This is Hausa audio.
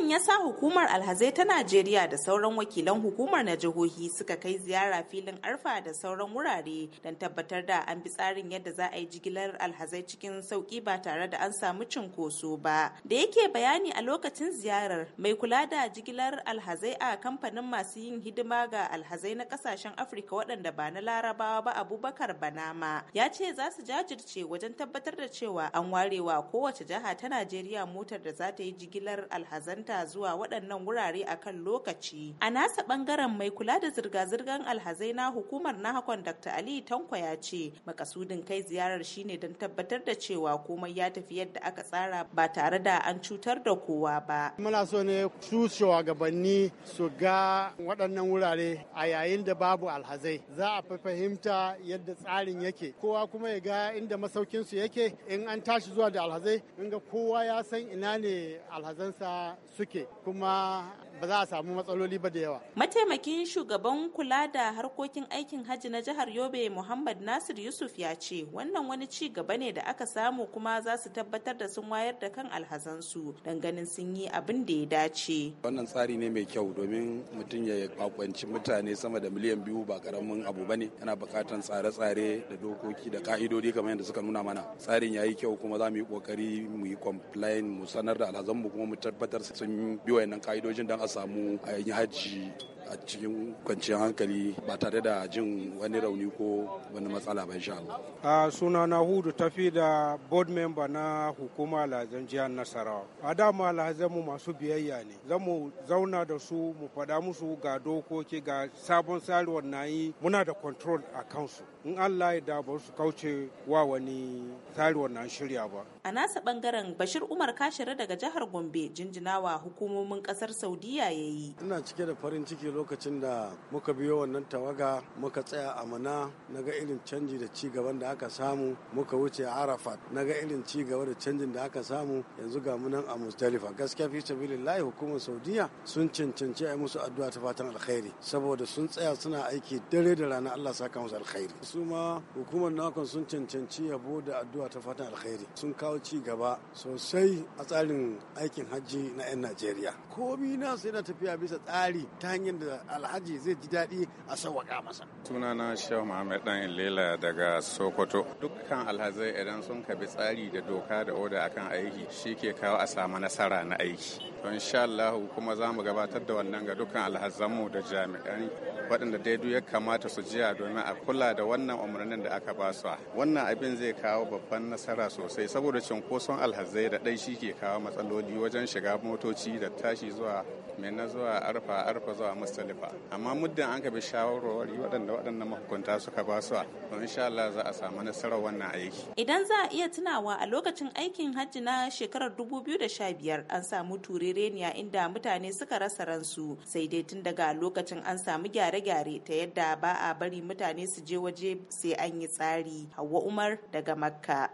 Hakan ya sa hukumar alhazai ta Najeriya da sauran wakilan hukumar na jihohi suka kai ziyara filin arfa da sauran wurare don tabbatar da an bi tsarin yadda za a yi jigilar alhazai cikin sauki ba tare da an samu cinkoso ba. Da yake bayani a lokacin ziyarar mai kula da jigilar alhazai a kamfanin masu yin hidima ga alhazai na kasashen Afirka waɗanda ba na Larabawa ba Abubakar Banama ya ce za su jajirce wajen tabbatar da cewa an warewa kowace jiha ta Najeriya motar da za ta yi jigilar alhazanta hanzarta zuwa waɗannan wurare a kan lokaci a nasa ɓangaren mai kula da zirga-zirgar alhazai na hukumar na hakon dr ali tanko ya ce makasudin kai ziyarar shi ne don tabbatar da cewa komai ya tafi yadda aka tsara ba tare da an cutar da kowa ba muna so ne su shugabanni su ga waɗannan wurare a yayin da babu alhazai za a fi fahimta yadda tsarin yake kowa kuma ya ga inda masaukinsu yake in an tashi zuwa da alhazai in ga kowa ya san ina ne alhazansa suke kuma ba za a samu matsaloli ba da yawa. Mataimakin shugaban kula da harkokin aikin hajji na jihar Yobe Muhammad Nasir Yusuf ya ce wannan wani ci gaba ne da aka samu kuma za su tabbatar da sun wayar da kan alhazansu don ganin sun yi abin da ya dace. Wannan tsari ne mai kyau domin mutum ya kwakwanci mutane sama da miliyan biyu ba karamin abu ba ne yana bukatan tsare-tsare da dokoki da ka'idodi kamar yadda suka nuna mana. Tsarin ya yi kyau kuma za mu yi kokari mu yi complain mu sanar da alhazanmu kuma mu tabbatar sun bi wayannan ka'idojin don a samu a yi hajji a cikin kwanciyar hankali ba tare da jin wani rauni ko wani matsala ba insha Allah. A suna na hudu tafi da board member na hukuma alhazan jihar Nasarawa. A dama alhazan mu masu biyayya ne. zan mu zauna da su mu faɗa musu ga dokoki ga sabon tsariwar na yi muna da control a kansu. In Allah ya da su kauce wa wani tsariwar na shirya ba. A nasa bangaren Bashir Umar Kashira daga jihar Gombe jinjinawa wa hukumomin kasar Saudiya ya yi. Ina cike da farin ciki lokacin da muka biyo wannan tawaga muka tsaya a mana na ga irin canji da ci gaban da aka samu muka wuce Arafat na ga irin ci gaba da canjin da aka samu yanzu ga munan a Musdalifa gaskiya fi sabilillahi hukumar Saudiya sun cancanci a musu addu'a ta fatan alkhairi saboda sun tsaya suna aiki dare da rana Allah saka musu alkhairi su ma hukumar nakon sun cancanci yabo da addu'a ta fatan alkhairi sun kawo ci gaba sosai a tsarin aikin hajji na 'yan arewacin Najeriya. Komi sai na tafiya bisa tsari ta hanyar da alhaji zai ji daɗi a sauwaƙa masa. Sunana Shehu Muhammad Dan Ilela daga Sokoto. Dukkan alhazai idan sun kabi tsari da doka da oda akan aiki shi ke kawo a samu nasara na aiki. Don sha Allah kuma za mu gabatar da wannan ga dukkan alhazanmu da jami'an waɗanda dai duk ya kamata su jiya domin a kula da wannan umarnin da aka ba su. Wannan abin zai kawo babban nasara sosai saboda cunkoson alhazai da ɗai shi ke kawo matsaloli wajen shiga moto motoci da tashi zuwa na zuwa arfa arfa zuwa mustalifa amma muddin an ka bi shawarwari waɗanda waɗannan mahukunta suka ba su to insha Allah za a samu nasarar wannan aiki idan za a iya tunawa a lokacin aikin hajji na shekarar 2015 an samu turereniya inda mutane suka rasa ransu sai dai tun daga lokacin an samu gyare-gyare ta yadda ba a bari mutane su je waje sai an yi tsari Hauwa Umar daga Makka